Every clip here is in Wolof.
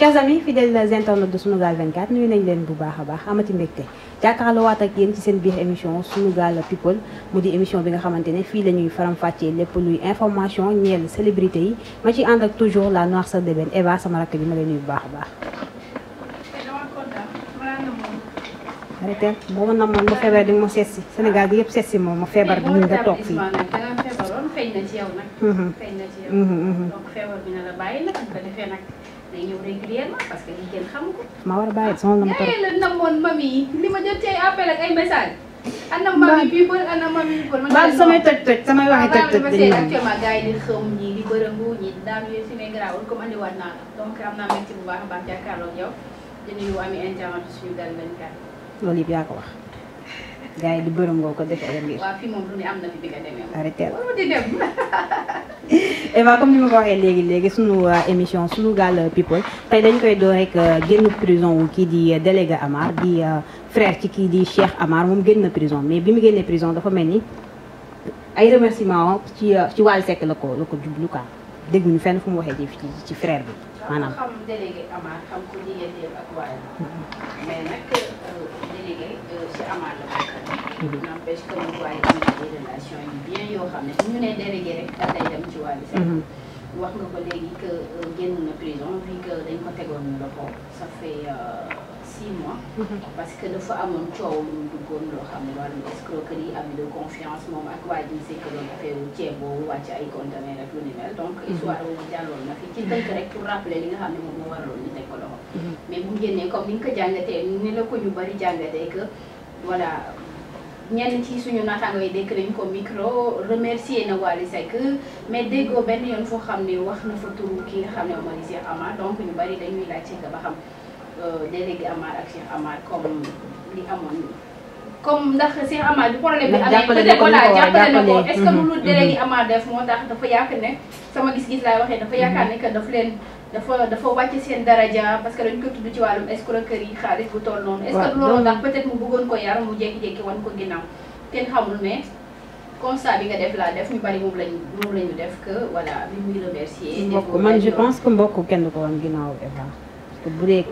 chers amis fidèles internautes de Sunugal 24 nuyu nañ leen bu baax a baax amati mbégte jàkkaarloo waat ak yéen ci seen biir émission Sunugal People mu di émission bi nga xamante ne fii la ñuy faram-fàccee lépp luy information ñeel célébrité yi ma ci ànd ak toujours la noire sœur de Ben Eva sama rakk bi ma leen nuyu bu baax a baax. arrêté boo ma namoon ma seet si Sénégal gi yëpp seet si moom ma feebar bi ñu nga toog day ñëw régulièrement parce que li kenn xamu ko. ma war a bàyyi sonal na ma trop ma namoon mami yi li ma jot ci ay appel ak ay message ana mami bii bëri ana mami bii bëri. baal samay toj toj samay waxi toj toj dañuy actuellement gars di xëm naa la donc am naa mbégte bu baax a baax jàkkaarloo ak yow di nuyu ami internet suñu dal 24. loolu yëpp yaa ko wax. gars yi di bërëm ngoo ko def ak mbir. Eva comme ni ma ko waxee léegi léegi sunu euh, émission sunu gaal euh, people tey dañu koy door rek euh, génn prison wu kii di délégué Amar di frère ci kii di Cheikh amaar moom génn na prison mais bi mu génnee prison dafa mel ni ay remerciements ci ci Wally Seck la ko la ko jublu quoi dégguñu fenn fu mu waxee ci ci frère bi maanaam. amaat n'empêche que mu waaye am na des relations yu bien yoo xam ne suñu nee délégué rek dafay dem ci wàllu sax mm-hmm. wax nga ko léegi que euh, génn na prison vu que dañ ko tegoon loxo ça fait euh, six mm-hmm. parce que dafa amoon coow lu duggoon loo xam ne wàllum escroquerie abus de confiance moom ak waa ji c'est que doon affaire ceeboo wàcc ay conteneur ak lu ni mel donc mm-hmm. histoire comme ni nga ko jàngatee ni la ko ñu bari jàngatee que voilà ñenn ci suñu naataangoo yi dégg nañ ko micro remercier na Wally Seck mais déggoo benn yoon foo xam ne wax na fa turu ki nga xam ne mooy Cheikh Amar donc ñu bari dañuy laajte nga ba xam euh, délégué Amar ak Cheikh Amar comme li amoon comme ndax Cheikh Amar bi problème bi amee jàppale na ko est-ce que lu mhm. délégué mhm. Amar def moo tax dafa yàq ne sama gis-gis laay waxee dafa yaakaar ne daf leen dafa dafa wàcc seen daraja parce que dañ ko tudd ci wàllum escroquerie xaalis bu toll noonu. est-ce que loolu ndax peut-être mu bëggoon ko yar mu jékki-jékki wan ko ginnaaw kenn xamul mais constat bi nga def laa def ñu bari moom lañu moom def que voilà bi muy remercier. mbokk man je pense que mbokk kenn ko wan ginnaaw Eva. parce que bu dee.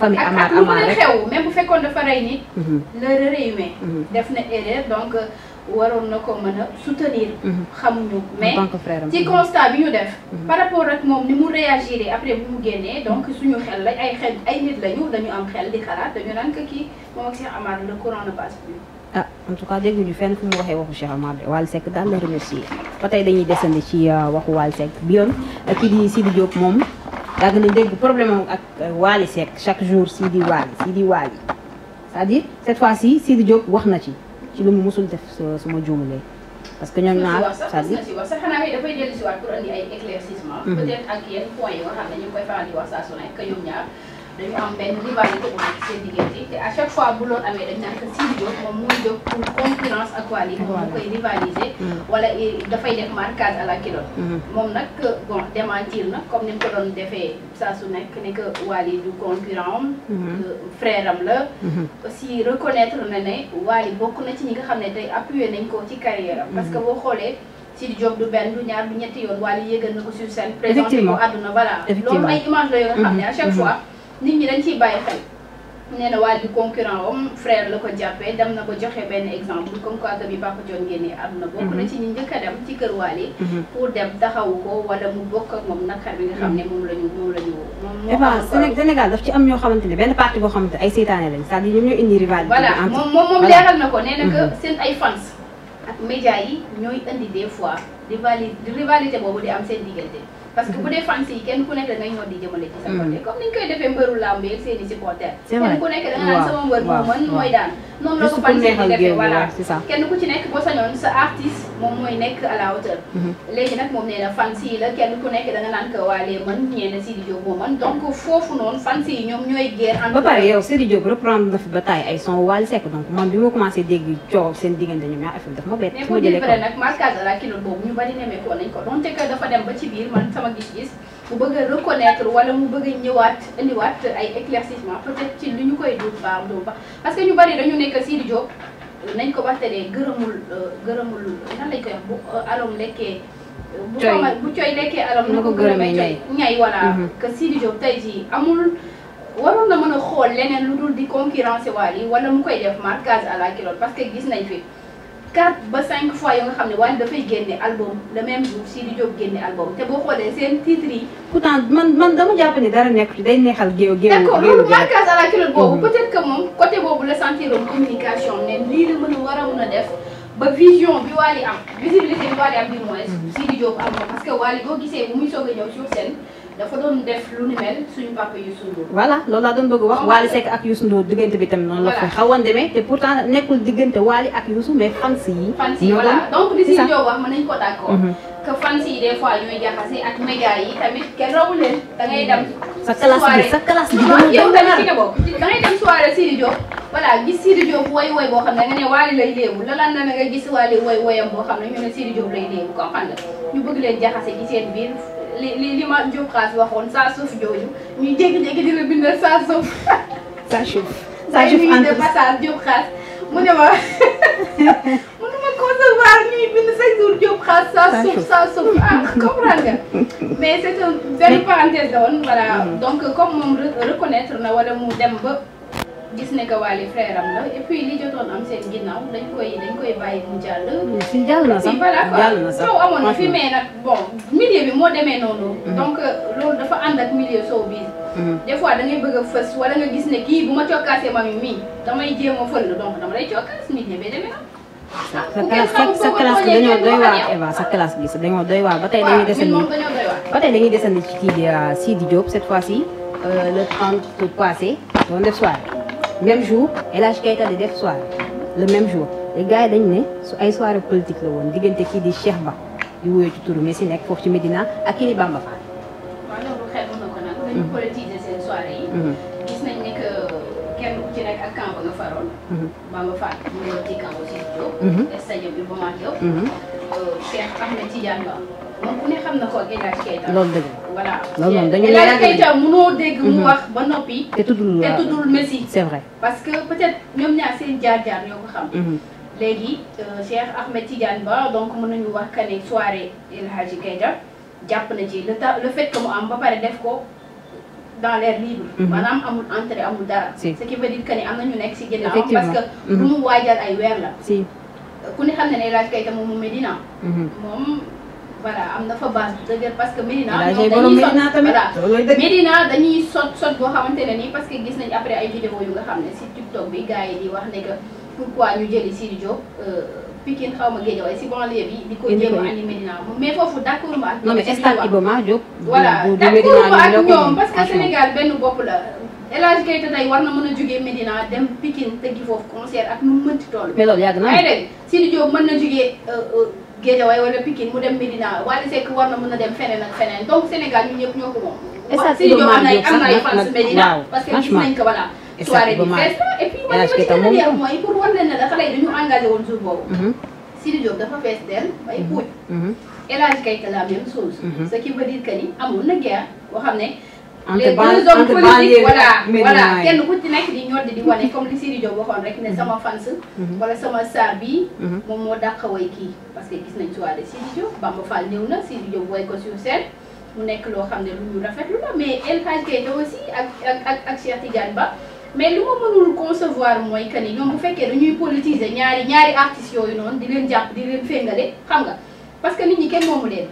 famille amaar amaar rek waaw ak ak lu mën a xew même bu fekkoon dafa rey nit. Mhm. l'erreur est humaine. Mhm. def na erreur donc. waroon na ko mën a soutenir. Mhm. xamuñu mais ci constat bi ñu def. Mhm. par rapport ak ni mu réagir après mu génnee donc suñu xel lañ ay ay nit lañu dañu am xel di xalaat dañu naan que kii ak Cheikh Amar le courant ne passe plus. ah en tout cas dégguñu fenn fu mu waxee waxu Cheikh Amar Wally Seck daal la remercier ba tey dañuy desandi ci euh, waxu Wally Seck bi yoon euh, kii di Sidi Diop moom yàgg na dégg problème ak euh, Wally sek chaque jour Sidi Wally Sidi Wally c'est-à-dire cette fois-ci Sidi Diop wax na ci. ci lu mu musul def su ma juumlee parce que ñoom ñaar c'est-à-dire si wax sax xanaa dafay dellu si waat pour andi ay éclaircissement mhm. peut-être ak yenn points yoo xam ne ñu ngi koy faral di wax saa su nekk ñoom ñaar dañu am benn rivalité bu nekk seen diggante te à chaque fois bu loolu amee dañ naan que Sidy Diop moom mooy jóg pour concurrence ak Wally moom mu koy rivaliser mm. wala eh, dafay def marquage à la kilo mm. moom nag euh, bon démentir na comme ni mu ko doon defee sa su nekk ni que Wally du concurrent am mm-hmm. euh, frère am la mm-hmm. aussi reconnaître na ne Wally bokk na ci ñi nga xam ne tey appuyer nañ ko ci carrière am parce que mm-hmm. boo xoolee Sidy Diop du benn du ñaar du ñetti yoon Wally na ko sur scène présenté ko nit ñi dañ ciy bàyyi xel nee na waa ji concurrent am frère la ko jàppee dem na ko joxe benn exemple comme quoi que bi Papa Thione génnee àdduna mhm. bokk na ci ñu njëkk a dem ci kër Wally mhm. pour dem taxawu ko wala mu bokk ak moom naqar bi nga xam ne mhm. moom la ñu moom la ñu moom Sénégal daf am ñoo xamante ne benn parti boo xamante ay seytaane lañ c'est-à-dire ñoom ñoo indi moom moom na ko nee na que seen ay fans ak média yi ñooy indi des fois rivalité rivalité boobu di am seen diggante parce que bu dee fans yi kenn ku nekk da ngay ñëw di jëmale ci sa hmm. côté comme ni ñu koy defee mbëru làmb yeeg seen i supporter kenn ku nekk da nga naan sama mbër moo mën mooy daan noonu la ko fans yi di defee voilà kenn ku ci nekk boo sañoon sa artiste moom mooy nekk à la hauteur hmm. léegi nag moom nee na fans yi la kenn ku nekk da nga naan ko waalee mën ñeena Sidi Diop moo mën donc foofu noonu fans yi ñoom ñooy guerre entre ba pare yow Sidi Diop reprendre na fi ba taay ay son Wally Seck donc man bi ma commencé dégg coow seen diggante ñoom ñaar affaire bi daf ma bett mais pour dire vrai nag marquage à la kilo boobu ñu bari nemee ko nañ ko donte que dafa dem ba ci biir man sama gis-gis mu bëgg a reconnaître wala mu bëgg a ñëwaat indiwaat ay éclaircissement peut-être ci lu ñu koy duut baax duut ba parce que ñu bari dañu nekk Sidi Diop nañ ko waxtaanee gërëmul gërëmul nan lañ koy wax bu euh, alom lekkee. Euh, bu ko bu cooy lekkee alom. na ko gërëmee ñay ñay voilà. Mm-hmm. que Sidi Diop tey jii amul. waroon na mën a xool leneen lu dul di concurrence waal yi wala mu koy def marquage à la kilomètre parce que gis nañ fi. quatre ba cinq fois yoo nga xam ne Wally dafay génne album le même jour Sidy Diop génne album te boo xoolee seen titres yi. pourtant man man dama jàpp ni dara nekk day neexal géew géew. d'accord loolu marquage à la culotte boobu mm-hmm. peut-être que moom côté boobu la sentiroon communication ne lii la mën a war a mën def. ba vision bi Wally am visibilité bi Wally am du moins. Mm-hmm. Sidy Diop am parce que Wally boo gisee bu muy soog a ñëw sur scène. dafa doon def lu ni mel suñu papa Youssou Ndour. voilà loolu laa doon bëgg wax Waly Seck ak yu Ndour diggante bi tamit noonu la fa xawoon demee te pourtant nekkul diggante Waly ak Youssou mais fans yi. fans yi voilà donc di ko d'accord. Mhm. que fans yi ñooy jaxase yi tamit kenn rawu leen da ngay dem. sa sa classe bi a yow tamit ci nga bokk da ngay gis Sidi Diop woy woy boo xam ne da nga ne Waly lay léebu la lan na nga gis Waly woy woyam boo xam ne ñu ne Sidi Diop lay léebu comprendre nga ñu bëgg leen jaxase ci seen biir li li li ma Diop xaas waxoon saa suuf jooju ñu jékki-jékki dina bindal saa suuf. saa suuf saa suuf en tout passage Diop mu ne ma mu ne ma concevoir ñuy bind chaque jour Diop xaas saa suuf saa suuf ah comprendre mais c'est une belle parenthèse la woon mm. donc comme moom reconnaître na wala mu dem ba. gis ne que Wally frère am la et li jotoon am seen ginnaaw dañ koy dañ koy bàyyi mu jàll. si jàll na sax jàll na sax amoon na moo demee noonu. Mm-hmm. donc euh, bi. Mm-hmm. des fois da bëgg a fës wala nga gis ne kii bu ma cokkaasee ma mii damay jéem a fël donc dama cokkaas milieu bi demee na. sa ah, classe sa classe bi dañoo doy waar Eva sa classe bi dañoo doy waar ba tey dañuy desandi ba tey dañuy desandi ci kii di euh, Sidi Diop cette fois-ci euh, le 30 passé doon def soirée. même jour El Hadj Keita def soirée le même jour les gars yi dañ ne su ay soirée politique la woon diggante kii di Cheikh Ba di wuyoo ci turu Messi nekk foofu ci Medina ak kii di Bamba Fall. waaw loolu xel mën na ko nag. Mhm. dañu politiser seen soirée yi. Mhm. gis nañ ne kenn ku ci nekk ak camp nga faroon. Mhm. Bamba Fall mu ngi woon ci camp aussi Diop. stade bi Bomar Diop. Euh, Cheikh Ahmed Tidiane Ba. ku ne xam na ko ak El Hadj Keita. loolu dëgg la loolu moom dañu la El Hadj Keita dégg mu mm-hmm. wax ba noppi. te tuddul te tuddul Messi. c'est vrai parce que peut-être ñoom ñaar seen jaar-jaar ñoo ko xam. Mm-hmm. léegi euh, Cheikh Ahmed Tidiane Ba donc mën nañu wax que ne soirée El jàpp na ci le le fait que mu am ba pare def ko. dans l'air libre. Mm-hmm. maanaam amul entrée amul dara. ce qui veut dire que ni am na ñu nekk si ginnaaw. parce que lu mu waajal ay weer la. si ku ne xam ne ne El Hadj mu Medina. voilà am na fa base bu dëgër parce que Médina. dañuy sot sot boo xamante ne nii parce que gis nañ après ay vidéo yu nga xam ne si TikTok bi gars yi wax ne que pourquoi ñu jëli euh, ma Guédiawaye si banlieue bi di ko jéem a andi Médina mais foofu d'accord ma ak. non mais stade Iba Mar Diop. voilà d'accord ma ak ñoom parce que Sénégal benn bopp la. El Hadj Keita tey war na mën a jugee Médina dem Pikine tëggi concert ak nu mu mënti toll. mais loolu yàgg na ay Sidi Diop mën na euh, euh, Guédiawaye wala Pikine mu dem Medina Wally Seck war na mën a dem feneen ak feneen donc Sénégal ñun ñëpp ñoo ko moom. est ce que am na am na ay fans Medina parce que gis nañ ko voilà. soirée bi fees na et ma ci gën a leer yi dañu engagé woon jour boobu. Mhm. Sidi Diop dafa fees del bay mhm. puuj. Mhm. Elage Keita la ne. entre banlieue entre banlieue voilà voilà kenn ku ci nekk di di wane comme li Siri Diop waxoon rek ne mhm. sama fans. Mhm. wala sama saar mhm. moom moo dàq way kii parce que gis nañ soirée Siri Diop Bamba ko sur mu nekk loo xam ne lu ñu rafetlu la mais El Hadj Keita aussi ak ak ak Cheikh Tidiane Ba. mais lu ma mënul concevoir mooy que ni ñoom bu fekkee dañuy politiser ñaari ñaari artistes yooyu noonu di leen jàpp di leen féngale xam nga parce que nit ñi kenn moomu leen.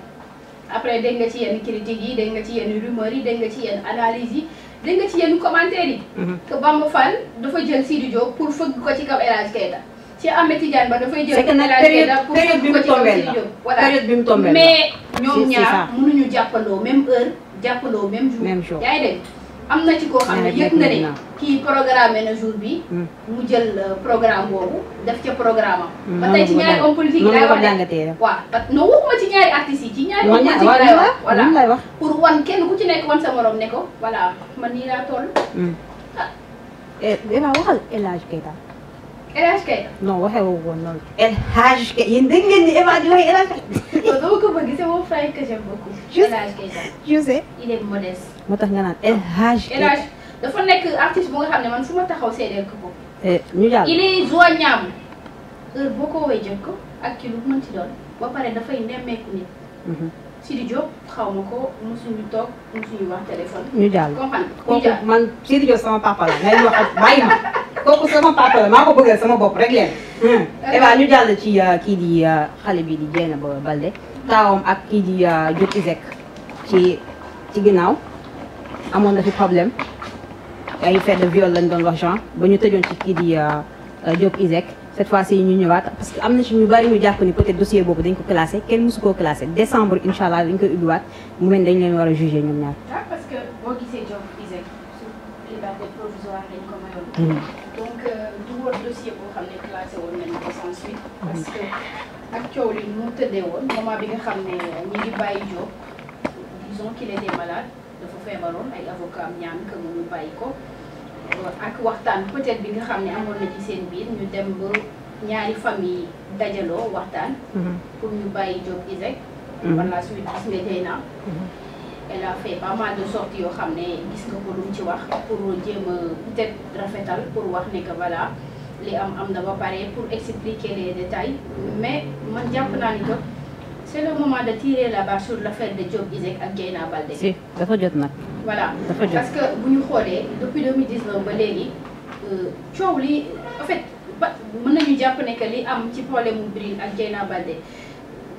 après dégg nga ci yenn critiques yi dégg nga ci yenn rumeurs yi dégg nga ci yenn analyses yi dégg nga ci yenn commentaires yi. Mhm. que Bamba Fall dafa jël Sidi Diop pour fëgg ko ci kaw El Hadj ci Ahmed Tidiane Ba dafay jël. El Hadj Keita pour fëgg ko ci kaw Sidi Diop voilà mais ñoom ñaar mënuñu jàppandoo même heure jàppandoo même jour. même jour yaa am na ci koo xam ne yëg na programme na jour bi hmm. mu jël euh, programme boobu def ca programme am hmm. ba tey ci ñaari homme lay wax waaw parce que non waxuma ci ñaari artistes yi ci ñaari homme lay wax voilà pour wan kenn ku ci nekk wan sa morom ne ko voilà man nii laa toll hmm. ah Eva eh, eh, waxal El Hadj El Hadj Keita. non waxee woo woon noonu. El Hadj ngeen eh, ni Eva di waxee El ko bëgg c'est mon frère que j'aime beaucoup. El Hadj Keita. je sais. il est modeste. moo tax nga naan El dafa nekk artiste bu nga ne man fu ma taxaw seedeel ko ko. ñu jàll. il est joignable. heure boo ko woowee jot ko ak ci lu mën ci doon ba dafay nemmeeku ci Diop xaw ma ko mosuñu toog mosuñu wax téléphone. ñu jàll kooku man Sidi sama papa la ngay wax ak bàyyi ma kooku sama papa la maa ko bëggal sama bopp rek leen. Euh, Eva ci euh, kii di euh, xale bi di Dieynaba Balde taawam ak kii di Diop Iseg ci ci ginnaaw amoon na fi problème ay fait de viol lañ doon wax genre ba ñu tëjoon ci kii di Diop Iseg. cette fois-ci ñu ñëwaat parce que am na ci ñu bari ñu jàpp ni peut dossier boobu dañ ko classé kenn mësu koo classé décembre incha allah dañ koy ubbiwaat mu mel dañ leen war a jugé ñoom ñaar. ah parce que boo gisee Diop Isaac liberté provisoire mm. donc euh, du woon dossier boo xam ne classé woon nañu ko sans suite. Mm. parce que ak coow mu tëddee woon moment bi nga xam ne ñi ngi bàyyi Diop disons qu'il était malade dafa feebaroon ay avocats am ñaan que mu bàyyi ko. ak waxtaan peut bi nga xam ne amoon na ci seen biir ñu dem ba ñaari famille dajaloo waxtaan. Mhm. pour ñu bàyyi Diop Iseg. Mhm. par la suite gis nga Dieyna. Mhm. elle a fait de sorties yoo xam ne gis nga ko lu ci wax pour jéem a peut rafetal pour wax ne que voilà li am am na ba pare pour expliquer les détails mais man jàpp naa ni que. c' est le moment de l' affaire de Diop Iseg ak Dieyna Baldé. si dafa jot nag. voilà dafa jot parce que bu ñu xoolee depuis 2019 ba léegi euh, coow li en fait ba mën jàpp ne que li am ci problème mu Bril ak Dieyna Baldé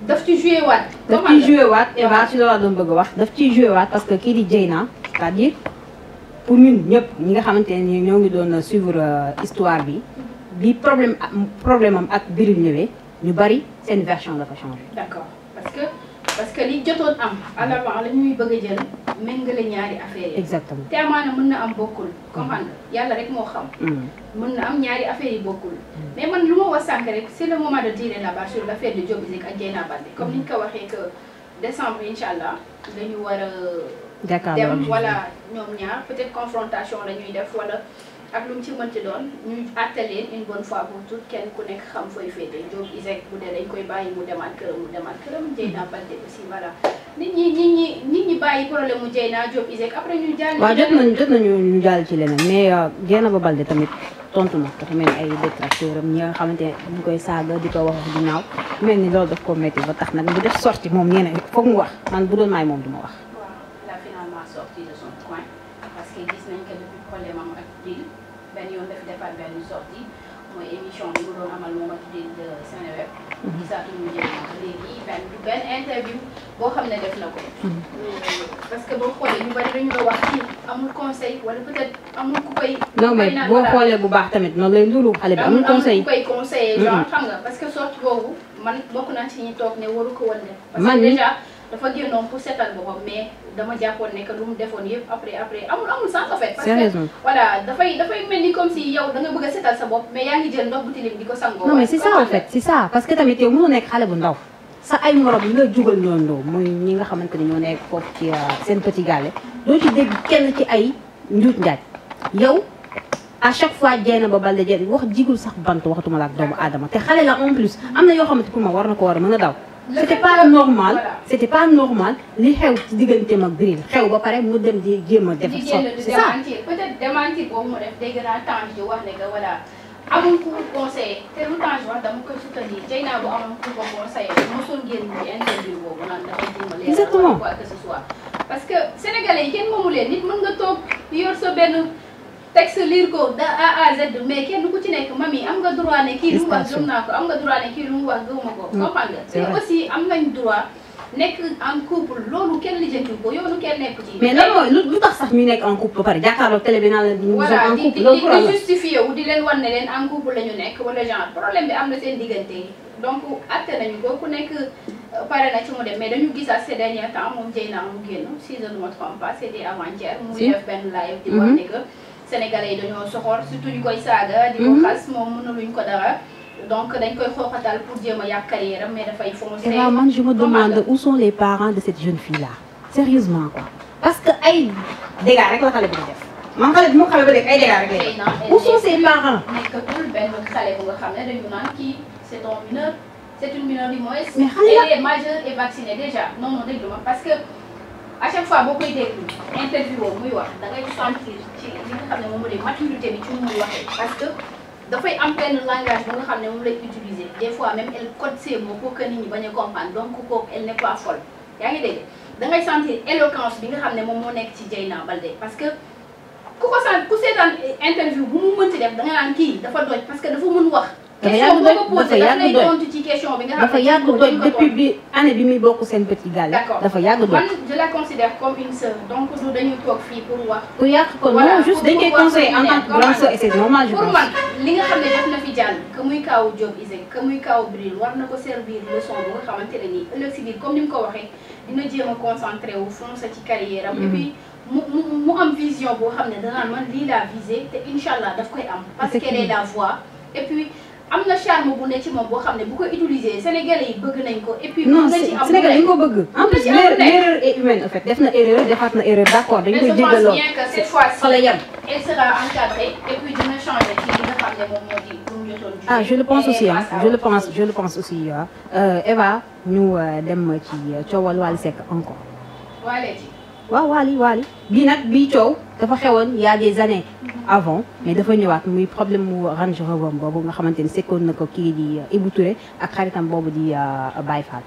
daf ci joué waat. daf ci joué waat Eva ci loolu doon wax daf ciy joué waat parce que kii di Dieyna c'est-à-dire pour ñun ñëpp ñi nga xamante ne ñoo ngi doon suivre euh, histoire bi bi problème problème am ak Bril ñëwee ñu bari seen version dafa changé. d'accord. parce que parce que li jotoon am à l'avant la ñuy bëgg a jël méngale ñaari affaire yi. exactement te amaana mën na am bokkul. comprendre yàlla rek moo xam. Mm. mën na am ñaari affaire yi bokkul. Mm. mais man lu ma wax sànq rek c'est le moment de tirer la bâche sur l'affaire de Diop Iseg ak Dieyna Baldé comme ni ñu ko waxee que décembre incha allah dañu war a. dem wala ñoom ñaar peut-être confrontation la ñuy def wala. ak lu mu ci mënti doon ñu àttaleen une bonne fois pour tout kenn ku nekk xam fooy féete Diop Isaac bu dee dañ koy bàyyi mu demaat këram mu demaat këram Dieyna hmm. Baldé après ñu jàll ci leneen mais Dieyna euh, ba Baldé tamit tontu na dafa mel ni ay détracteur am ñi nga xamante ne ñu koy saaga di ko wax ginnaaw mel ni loolu daf ko métti ba tax nag bu def sorti moom nee na foog mu wax man bu doon maay moom du ma wax gisaatu ñu boo xam ne def na ko. Hmm. parce que boo xoolee ñu bari dañu la wax ci amul conseil wala peut-être amul ku koy. boo xoolee bu baax tamit noonu lay nduru xale bi amul conseil amul ku koy conseillé. Hmm, hmm. genre xam nga parce que sorte boobu man bokk naa ci ñi toog ne waru ko woon man parce que déjà dafa génnoon pour seetal boppam mais. dama jàppoon ne lu mu defoon yëpp après après amul amul sens en fait. parce que dafay dafay mel ni comme si yow danga bëgg a setal sa bopp mais yaa ngi jël ndox bu tilim di ko sangoo. non mais c'est ça en fait c'est ça parce que tamit yow a nekk xale bu ndaw. sa ay morom yi nga jugal ñooñu mooy ñi nga xamante ni ñoo nekk foofu ci euh, seen petit gàllé doo ci dégg kenn ci ay njuut njaaj yow. à chaque fois jeena ba balde jeen wax jigul sax bant waxtuma la ak doomu te xale la en plus am na yoo xamante pour war na ko war a mën a daw c'était pas normal c'était pas normal li xew ci digganteem ak Bril xew ba pare mu dem di jéem a def. c'est ça peut-être démenti boobu mu def dégg naa Tange di wax ne que voilà amul ku Tange wax dama koy soutenir Dieyna bu amul ku ko conseillé mosul génn ci interview boobu naan dafa jéem a leer. exactement quoi que ce soit parce que sénégalais yi kenn moomu texte lire ko da A à Z mais kenn ku ci nekk mami am nga droit ne kii lu mu wax gëm naa ko am ne kii lu mu mm, am nekk en couple loolu kenn lijjanti ko yoonu kenn nekk ci. mais lan mooy lu tax sax nekk en couple ba pare jàkkaarloo télé bi naan la ñu. en couple loolu di justifié wu di leen wan ne leen en couple la ñu nekk wala genre problème bi am na seen diggante yi donc atte nañu ku nekk. Euh, pare na ci mu dem mais dañu gisaat ces derniers temps moom Dieyna mu génn si je ne me trompe pas c'était avant-hier. sénégalais yi dañoo soxor surtout ñu koy saaga. di ko mhm. xas moom mënuluñ ko dara. donc dañ koy xooxatal pour jéem a yàq carrière mais dafay foncer. et eh là man je me demande où sont les parents de cette jeune fille là. sérieusement quoi parce que ay dégâts rek la xale bi di def. man xale bi mu xamee ba léegi ay dégâts rek lay def. où sont ses parents. nekkatul benn xale bu nga xam ne dañu naan kii c' est un mineur c' est une mineure du moins. mais xale la elle est majeure et vaccinée déjà non non déglu ma parce que. à chaque fois boo koy déglu interview muy wax da ngay sentir ci li nga xam ne moom mooy maturité bi ci muy waxee parce que dafay am benn langage ba nga xam ne moom lay utiliser des fois même elle code ses mots pour ñi bañ a comprendre donc kooku elle n'est pas folle yaa ngi dégg da ngay sentir éloquence bi nga xam ne moom moo nekk ci Dieyna Baldé parce que ku ko sant ku seetaan interview bu mu mënti def da nga naan kii dafa doj parce que dafa mën wax. dafa yàgg dafa yàgg depuis bi année bi muy bokk seen petit gaal dafa yàgg doy. man je la considère comme une sœur donc dañuy toog fii pour wax. pour yàq ko non juste dañ koy conseiller li nga xam ne def na fi jàll que muy kaawu Diop Isaac que muy kaawu Bril war na ko servir leçon bu nga xamante ne nii ëllëg si biir comme ni mu ko waxee dina jéem a concentré wu foncer ci carrière am. et mm. puis mu am vision boo xam ne danaan man lii laa visé te incha allah daf koy am. parce qu'elle est la am na charme bu ne ci moom boo xam ne bu ko utiliser Sénégalais yi bëgg nañ ko et puis. non yi ko bëgg. en plus l'erreur est fait def na erreur defaat na erreur d'accord dañ koy jégaloo. mais je pense bien que cette fois-ci elle sera encadrée et puis dina ah, je le pense aussi euh, Eva ñu euh, dem ci euh, coowal Wally Seck encore. waaw waali waali bii nag bii coow dafa xewoon y a des années avant mais dafa ñëwaat muy problème mu Range Rover boobu nga xamante ni sekkoon na ko kii di euh, Ibou Touré ak xaritam boobu di euh, Baye Fall.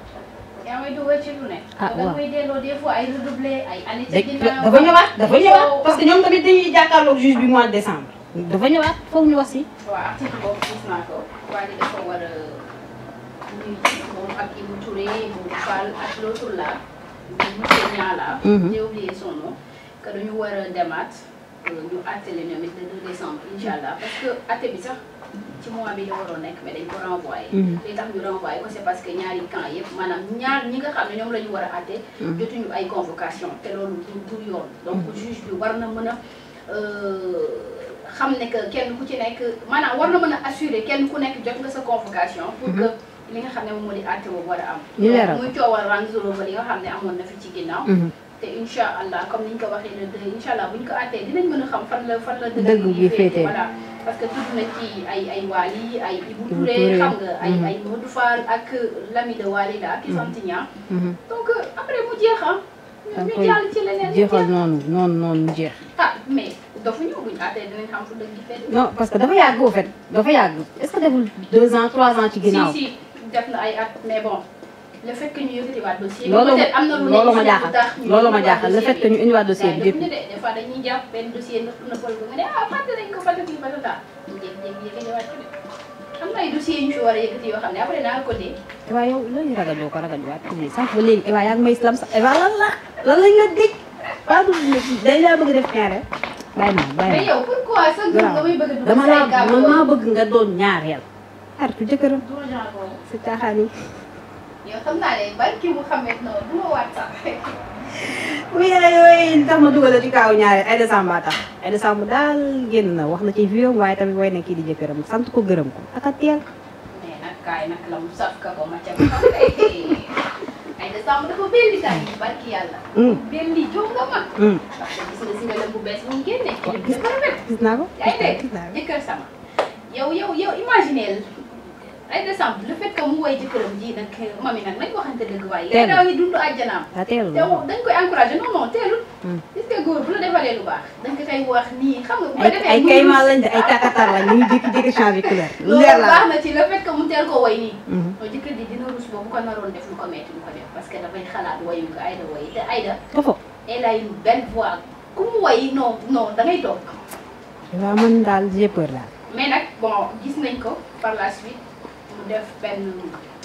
yaa ngi dugal ci lu ne. ah waaw da koy delloo des fois ay redoublé ay année ci ginnaaw dafa ñëwaat dafa ñëwaat parce que ñoom tamit dañuy jàkkaarloog juge bi mois de décembre. dafa ñëwaat foog ñu wax si. waaw article boobu gis naa ko waa ji dafa war a nuyu euh, moom ak Ibou Touré moom Fall ak l'autre là. monsieur Niang là. Mhm. j'ai oublié son nom dañu war a demaat euh, ñu àtte leen ñoom it le 2 parce que àtte bi sax ci mois bi la waroon nekk mais dañ ko renvoyé. Mhm. li tax ñu renvoyé ko c'est parce que ñaari camp yëpp maanaam ñaar ñi nga xam ne ñoom la ñu war a àtte. Mhm. jotuñu ay convocation te loolu du du yoon. donc juge bi war na mën a. Euh, xam ne que kenn ku ci nekk maanaam war na mën a assurer kenn ku nekk jot nga sa convocation. pour que li nga xam ne moom moo di àtte boobu war a am. li leeral muy coowal Ranzolo ba li nga xam ne amoon na fi ci ginnaaw. Mhm. te incha allah comme ni ñu ko waxee le deux incha allah bu ñu ko àttee dinañ mën a xam fan la fan la. dëgg gi féete voilà. parce que tudd na ci ay ay Waly ay. Ibou Touré xam nga ay mhm. ay Modou Fall ak l'ami de Waly la ak Santignan. Mhm. donc après mu jeex ah. ah ñu jàll ci leneen jeexal noonu noonu noonu jeex. ah mais dafa ñëw buñ àttee dinañ xam fu dëgg gi féete. non parce que dafa yàgg au fait dafa yàgg est ce que deful deux ans trois ans ci ginnaaw. si si. def na ay at mais bon le fait que ñu yëkkatiwaat dossier. peut-être am na lu loolu ma jaaxal loolu ma jaaxal le fait que ñu indiwaat dossier bi yëpp. des fois dañuy jàpp benn dossier nëpp nëppal ko nga ne ah fàtte nañ ko fàtte kii ba la daal ñu jékki-jékki yëkkatiwaat ko de am na ay dossier yu ñu fi war a yëkkati yoo xam ne après naa ko dee. Eva yow lan la ragal ko ragal waat kii sax ba léegi Eva yaa ngi may islam sax Eva lan la lan lañ la dégg Fatou dañ laa bëgg def ñaareel. bàyyi ma bàyyi ma mais yow pourquoi sa gëm nga may bëgg dama laa dama bëgg nga doon ñaareel artu jëkkër si caaxaan barki mu xamee du ma waat sax. oui yooyu tax ma dugal ci kaaw ñaare Aïda Samb a tax Aïda Samb daal génn na wax na ci vidéo waaye tamit way na kii di jëkkëram sant ko gërëm ko ak a teel. ma ca xam kay Aïda Samb dafa belli kaay yi barki yàlla. Mm. belli jóg ay décembre le fait que mu woy jëkkëram ji nag mami nag nañ waxante dëgg waaye. teelul daw yi dund àjjanaam. Ah, teelul te dañ koy encouragé non non teelul. Hmm. gis nga bu la defalee lu baax dañ ko wax nii xam nga. bu defee de ay mu hmm. jëkkër ji dina rus boobu ko naroon def lu ko metti lu ko def parce que dafay xalaat woy ko Aïda woy te Aïda. foofu elle a une ku mu woy non non da ngay toog. daal j'ai peur mais nag bon gis nañ ko par la suite def benn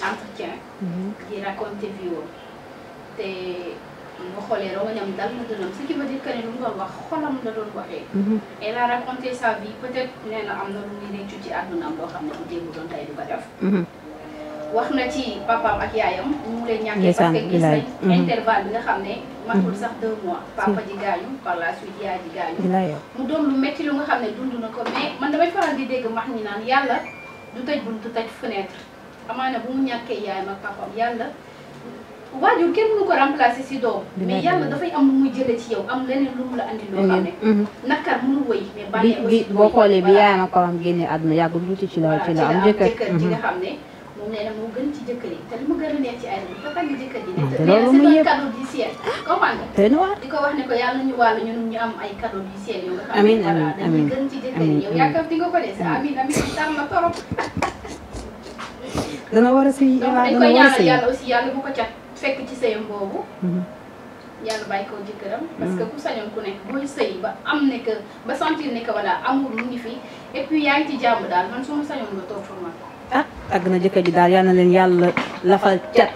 entretien. Mhm. di raconter vie woon te boo xoolee rongañam dal na dënam a qui veut dire que ne lu la doon mhm. sa vie peut être nee na am na lu muy réccu ci àddunaam loo xam ne bu démb doon tey du ko def. Mhm. wax na ci papaam ak yaayam mu leen ñàkkee parce que gis nañ intervalle bi nga xam ne matul sax deux mois papa ji gaañu par la suite yaay ji gaañu mu doon lu métti lu nga xam ne dund na ko mais man damay faral di dégg max ñi naan yàlla du tëj buntu tëj fenêtre amaana bu mu ñàkkee yaayam ak papaam yàlla waajur kenn mënu ko remplacer si doom mais yàlla dafay am lu muy jëlee ci lu mu la andi loo ne mhm. Mhm. nakar mënu wëy mais bànnee aussi boo xoolee bi yaayam ak papaam génne àdduna yàggul tuuti ci la ci la am jëkkër di nga mhm. ne moom ne na gën ci jëkkër yi te li ma gën a neex ci àdduna bi dafa am jëkkër yi. Mm, loolu moom wax ne ko yàlla nañu wàllu ñun ñu am ay cadeau du ciel yow. nga ko de sa war a sëy dana war a sëy donc dañ koy yàlla aussi yàlla bu ko cat fekk ci sëyam boobu. Mm-hmm. yàlla bàyyi ko jëkkëram mm. parce que ku sañoon ku nekk booy sëy ba am ne que ba sentir ne que voilà amour mu ngi fi et puis yaa ngi ci jàmm daal man su sañoon nga toog ah àgg na jëkkër ji daal yal na leen yàlla lafal cat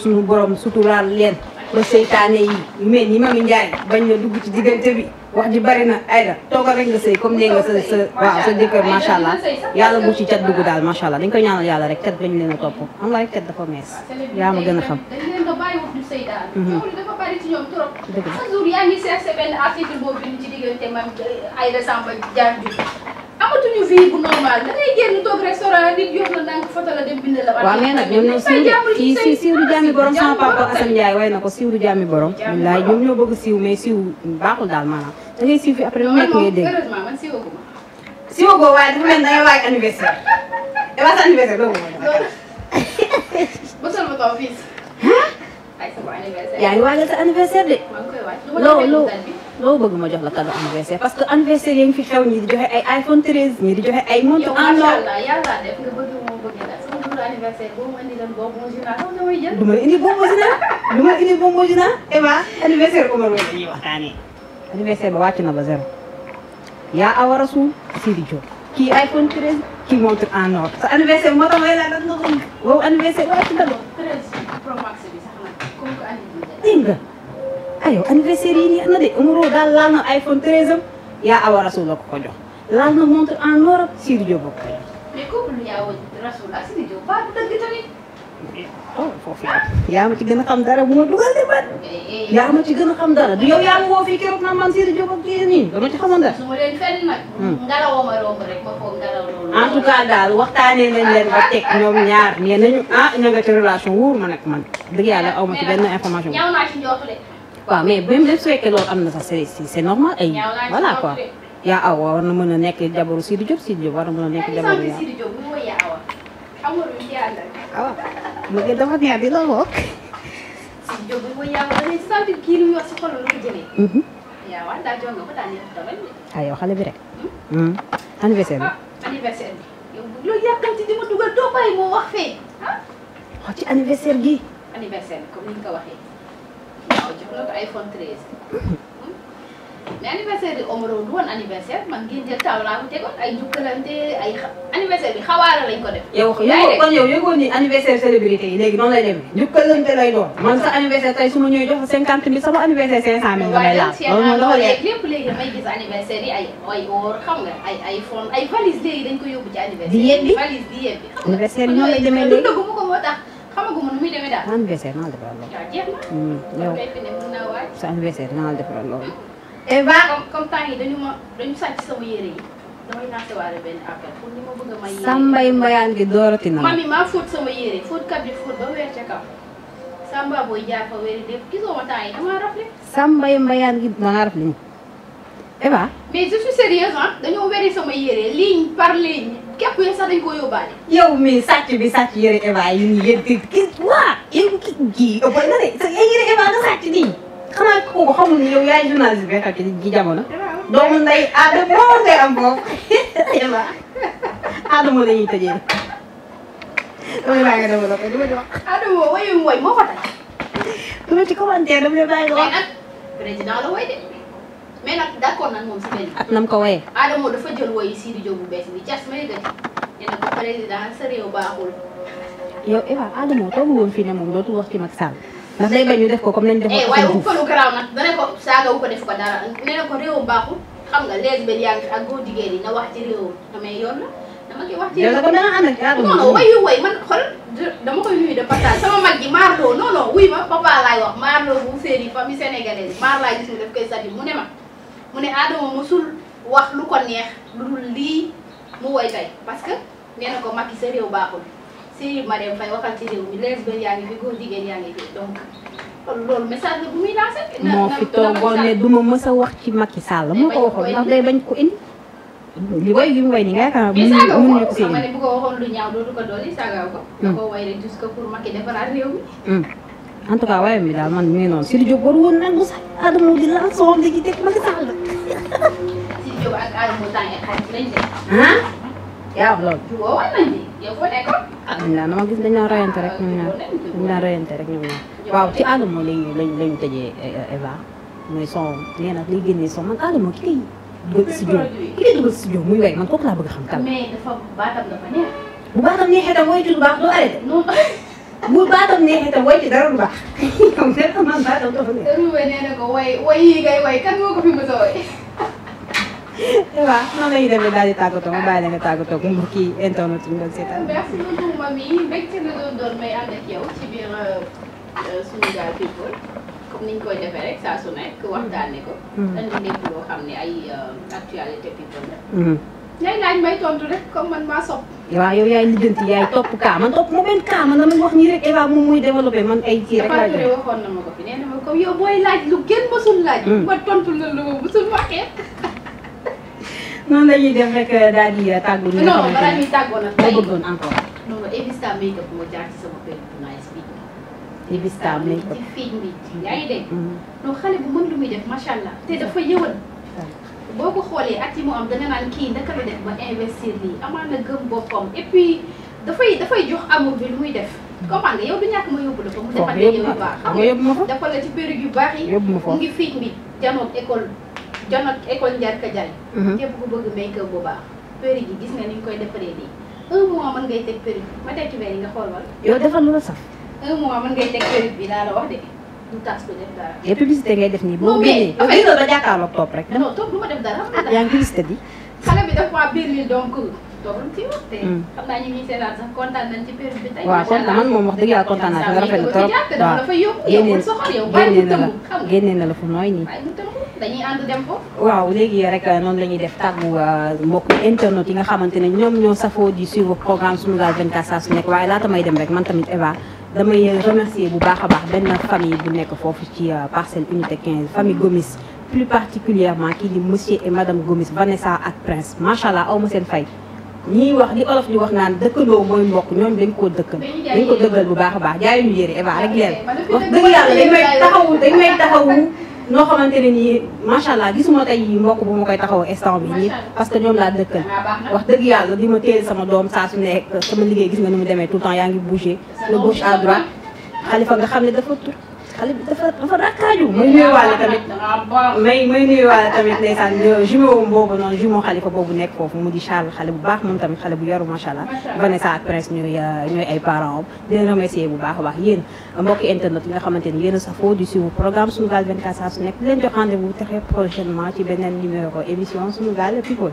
sunu borom suturaal leen ba seytaane yi mel ni Mami Njaay bañ na dugg ci diggante bi wax ji bari na ayda toogal rek nga sëy comme nee nga sa sa waaw allah yàlla bu ci cat dugg daal macha allah dañ koy ñaanal yàlla rek cat bañ leen a topp xam nga rek cat dafa mees yaa ma gën a xam amatuñu vie bu normal da ngay génn toog restaurant nit yóbbu la ndànk foto la dem bind la. waaw mais nag ñoom ñoo siiw kii si siiwlu jàmmi borom sama papa Assane Ndiaye way na ko siiwlu jàmmi borom. wallaay ñoom ñoo bëgg siiw mais siiw baaxul daal maanaam da ngay siiw fi après lu nekk ngay dégg. heureusement man siiwoo ko ma. siiwoo ko waaye dafa mel ni da ngay waaj anniversaire da ngay waaj anniversaire doo ko ma. mosal ma kaw fii. ay sama anniversaire yaa ngi waajal sa anniversaire de. maa ngi koy waaj lu ma loo bëgg ma jox la cadeau anniversaire parce que anniversaire yi ngi fi xew ñi di joxe ay iPhone 13 ñi di joxe ay montre en or yàlla def nga bëgg moo bëgg la ma indi lan boobu original xam nga may jël du ma indi boobu original du ma indi boobu original Eva anniversaire Omar Wade dañuy waxtaanee anniversaire ba wàcc na ba zéro yaa Awa Rasoul Sidi Diop kii iPhone 13 kii montre en sa anniversaire moo tax na ba 13 aywa anniversaire yi neex na de Omaro yaa awa rasul ko ko jox laal na montre en or Sidi Diop bokk mais kooku oh, yaa ma ci gën a xam dara bu ma dugal de eh, eh, eh. yaa ma ci gën a xam dara di yow yaa ma woo fii keroog naa man Sidi Diop ak kii nii dama ci xamoon dara. Hmm. daal waxtaanee nañ leen ba tek ñoom ñaar nee nañu ah ña nga ci relation wóor ma nekk man dëgg yàlla aw ma ci benn information. ñaaw waaw mais même même su fekkee loolu am na sax c'est normal ay voilà quoi yaa awa war na mën a nekk jabaru Sidi Diop Sidi war na mën a nekk jabaru yaa awa mu ngi dafa neex di la wokk ah yow xale bi rek anniversaire bi anniversaire bi yow loolu yàkkamti di ma dugal anniversaire gi waaw jox na ko iPhone 13. Hmm? mais anniversaire bi Omaro du woon anniversaire man ngeen jël taw laa ko tegoon ay jukkalante ay anniversaire bi xawaara lañ ko def. yow yow yëgoon ni anniversaire célébrité yi léegi noonu lay demee. jukkalante lay doon. man sa anniversaire tey su ma ñëw jox cinquante bi sama anniversaire cinq cent mille nga may laal. loolu moom dafa gis anniversaire ay ay or xam nga ay ay iPhone ay ko yóbbu ci anniversaire. di yebbi valise di yebbi. yi ñoo lay demee léegi dund gu mu xamagu ma nu muy demee daal. sa anniversaire naa la defaral loolu. yow sa anniversaire naa la defaral loolu. Eva comme temps yi dañu ma dañu sàcc sama yére yi damay lancé waale benn appel pour ni ma bëgg a may. yére sambay mbayaan gi doorati na. mami maa fóot sama yére fóotkat bi fóot ba weer ca kaw. samba booy jaay fa weer def gisoo ma temps yi damaa rafetlu. sambay mbayaan gi dangaa rafetlu Eva. mais je suis eh, sérieuse ah dañoo weri sama yére ligne par ligne. képp yi sax dañ koo yóbbaale. yow mii sàcc bi sàcc yëre Eva yi nii yéen kii waa yéen kii kii ëppal na de sa yëre Eva nga sàcc nii xanaa kooku xamul ni yow yaay journaliste bi fekk ci jamono. doomu ndey Adama boo ngay am boobu Eva Adama la ñuy tëjee. damay bàyyi nga dama la ko dama jox. Adama woyu woy moo ko tax. dama ci commentaire dama lay bàyyi nga wax. président la woy de. mais nag d'accord nag moom si benn. ak ah, nam ko woyee. Adamo dafa jël woyi Sidi Diop bu bees bi cas may dëkk ne sa réew baaxul. yow Eva Adamo fii ne moom dootul wax ci Macky Sall ndax day bañ ñu def ko comme nañ def. Eh, waaye wu ko lu garaaw nag dana ko saaga def ko dara nee na ko réewam baaxul xam ak góor jigéen yi na wax ci réewam damay yoon la man xol dama koy nuyu de partage sama mag ji Marlo non non ma papa laay wax Marlo bu séeri famille sénégalaise Marlo laa gis mu daf koy sadi mu ne ma mu ne Adama mosul wax lu ko neex lu dul lii mu woy tey parce que nee ko Macky sa réew baaxul Serigne Marième Faye waxal ci réew mi lesbiennes yaa ngi fi góor jigéen yaa ngi fi donc loolu message la moo fi toogoon ne du ma mës a wax ci Macky Sall moo ko waxoon ndax day bañ ko indi. li way li mu way ni nga yaakaar mun nañu ko si indi. mais saagaw ko xam nga ne bu ko waxoon lu ñaaw dootu ko dolli saagaw ko. Hmm. da koo rek juste que pour Macky defaraat réew mi. Hmm. en tout cas bi daal man mi ngi noonu Sidy Diop war woon nangu sax Adamo di laal di ci teg Macky Sall. Sidy Diop ak Adamo Tange xarit lañ de. ah. yaa wax loolu. waaw wax nañ de yow foo nekkoon. ah dañu daan dama gis dañu daan rayante rek ñoom ñaar dañu rek waaw ci Adamo lañu lañu lañu tëjee eh, eh, Eva mooy son na liy génnee son man Adamo ki si Diop ki koy man kooku laa bëgg a xam. kan mais dafa baatam dafa neex. bu baatam neexee bu baatam neexee itam woy ci dara lu baax comme dara am am baatam dafa neex. Ruube nee na ko woy woy yi ngay woy kan moo ko fi mos a woy. waaw noonu la ñuy demee daal di tàggatoo mu bàyyi la nga tàggatoo ak mbokk yi internet ñu doon seetaan. merci beaucoup mami mbégte la doon doon may ànd ak yow ci biir Sunugal People comme ni ñu koy defee rek saa su nekk waxtaanee ko. indi hmm. nekk loo xam ne ay e, actualité people la. Hmm. nay laaj may tontu rek comme man maa sopp waaw yow yaay lijjanti yaay topp kaa man topp ma benn kaa man dama wax nii rek Eva moom muy développé man ay kii rek laaj la waxoon na ma ko fi nee na ma comme yow booy laaj lu gën mësul laaj hmm. ma tontu la lu ma mësul waxee noonu la ñuy def rek euh, daal di euh, tàggu ñu non balaa ñuy tàggoo nag tey bëggoon encore non non Evista Makeup moo jaar ci sama kër bu nice bi Evista Makeup ci fiiñ bi yaa ngi dégg hmm. non xale bu mën lu muy def macha allah te dafa yëwan hmm. boo ko xoolee at yi mu am danga naan kii naka la def ba investir lii amaan na gëm boppam et puis dafay dafay jox amour bi lu muy def. comprendre nga yow du ñàkk ma yóbbu la ko mu defal yow yu baax xam nga defal la ci période yu baax yi mu ngi fiiñ bi janoog école janoog école njarka jay mhm. képp ku bëgg make-up bu baax période yi gis nga ni ñu koy defaree nii un man ngay teg période ma teg weer yi nga xool wala yow defal lu la sax un mois mën ngay teg période bi laa la wax de du tax def ngay def nii boo génnee boo génnee ba topp rek. non topp yaa ngi publicité di. waaw kontaan man moom wax dëgg yàlla kontaan naa ci rafet na trop waaw génneel génneel na la fu nooy nii. waaw léegi rek noonu la ñuy def tàggu mbokk internet yi nga xamante ne ñoom ñoo safoo di suivre programme Sunugal 24 saa su nekk waaye laata may dem rek man tamit Eva. damay remercier bu baax a baax benn famille bu nekk foofu ci euh, parcelle unité 15 famille Gomis plus particulièrement kii di monsieur et madame Gomis Vanessa ak Prince macha allah aw seen fay. ñiy wax li olof di wax naan dëkkandoo mooy mbokk ñooñu dañ koo dëkkal dañ ko dëggal bu baax a baax jaayuñu yére Eva rek leen wax dëgg yàlla dañ may taxawu dañ may taxawu. noo xamante ne nii macha allah gisuma tey mbokk bu ma koy taxaw instant bi nii parce que ñoom laa dëkkal wax dëgg yàlla di ma téel sama doom saa su nekk sama liggéey gis nga ni mu demee toul le temps yaa ngi bouger de gauche à xalifa nga xam ne dafa tur xale bi dafa dafa rakkaaju may nuyuwaale tamit may may nuyuwaale tamit ndeysaan euh, jumeau boobu noonu boobu nekk foofu mu di Charles bu baax moom tamit xale bu yaru macha allah Vanessa ak Prince ñooy euh, ñooy ay parents am di leen baax a baax yéen mbokki internet yi nga xamante ni yéen a safoo di suivre programme Sunugal 24 saa su nekk di leen jox rendez ci beneen numéro émission Sunugal People